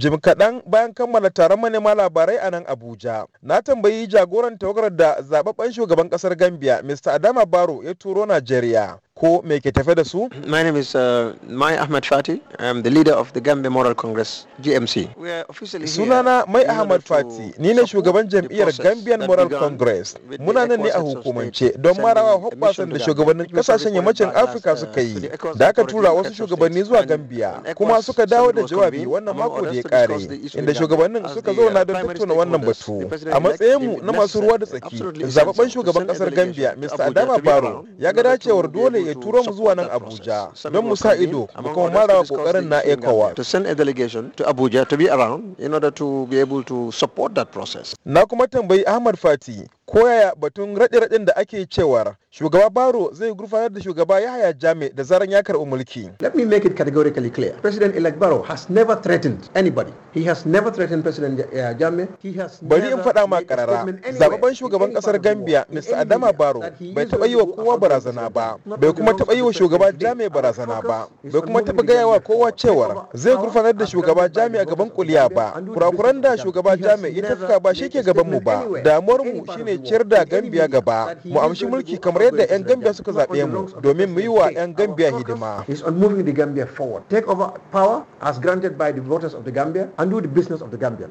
jim kaɗan bayan kammala taron manema labarai a nan abuja na tambayi jagoran tawagar da zababben shugaban ƙasar gambia mr adama baro ya turo najeriya ko me ke tafe da su? My name is uh, Mai Ahmad Fati. I the leader of the Gambia Moral Congress, GMC. Sunana Mai Ahmad Fati, ni ne shugaban jam'iyyar Gambian Moral Congress. Muna nan ne a hukumance don marawa hoɓɓasan da shugabannin kasashen yammacin Afirka uh, suka yi. Da aka tura wasu shugabanni zuwa Gambia, kuma suka dawo da jawabi wannan mako da ya kare, inda uh, shugabannin suka zauna don tattauna wannan batu. A matsayin mu na masu ruwa da tsaki, zababben shugaban kasar Gambia, Mr. Adama Barrow, ya ga dacewar dole ya turo mu zuwa nan Abuja don mu sa ido mu kuma mara kokarin na ECOWAS. To send a delegation to Abuja to be around in order to be able to support that process. Na kuma tambayi Ahmad Fati koyaya batun raɗe-raɗen da ake cewar shugaba baro zai gurfanar da shugaba yahaya jami da zaran ya karɓi mulki let me make it categorically clear president elect baro has never threatened anybody he has never threatened president eh, jami he has bari in faɗa ma karara zababban shugaban kasar gambia mr adama baro bai taɓa yi wa kowa barazana ba bai kuma taɓa yi wa shugaba jami barazana ba bai kuma taɓa gaya wa kowa cewar zai gurfanar da shugaba jami a gaban kuliya ba kurakuran da shugaba jami ya tafka ba shi ke gaban mu ba damuwar mu shine ciyar da Gambia gaba mu amshi mulki kamar yadda 'yan Gambia suka zaɓe mu domin mu yi wa 'yan Gambia hidima.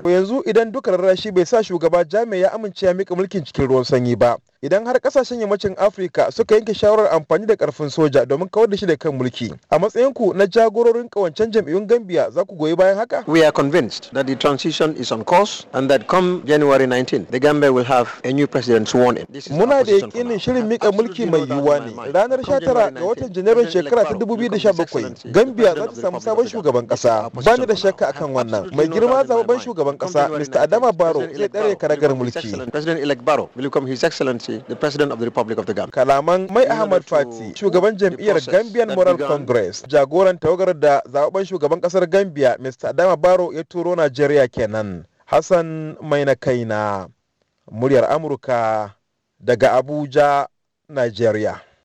Yanzu idan duka rarrashi bai sa shugaba Jami ya amince ya mika mulkin cikin ruwan sanyi ba. idan har kasashen yammacin afirka suka yanke shawarar amfani da karfin soja domin kawar da shi da kan mulki a matsayin ku na jagororin kawancen jam'iyyun gambia za ku goyi bayan haka we are convinced that the transition is on course and that come january 19 the gambia will have a new president sworn in muna da yakinin shirin mika mulki mai yiwuwa ne ranar 19 ga watan janairun shekara ta 2017 gambia za ta samu sabon shugaban kasa bani da shakka akan wannan mai girma zababban shugaban kasa mr adama baro zai tsare karagar mulki president elect baro will become his excellency Party, the President of the Republic of the Gambia. Kalaman Mai Ahmad Fati, shugaban jam'iyyar Gambian Moral Congress, jagoran tawagar da zaɓen shugaban ƙasar Gambia, Mr. Adama Baro ya turo Najeriya kenan. Hassan Mai na kaina, muryar Amurka daga Abuja, Najeriya.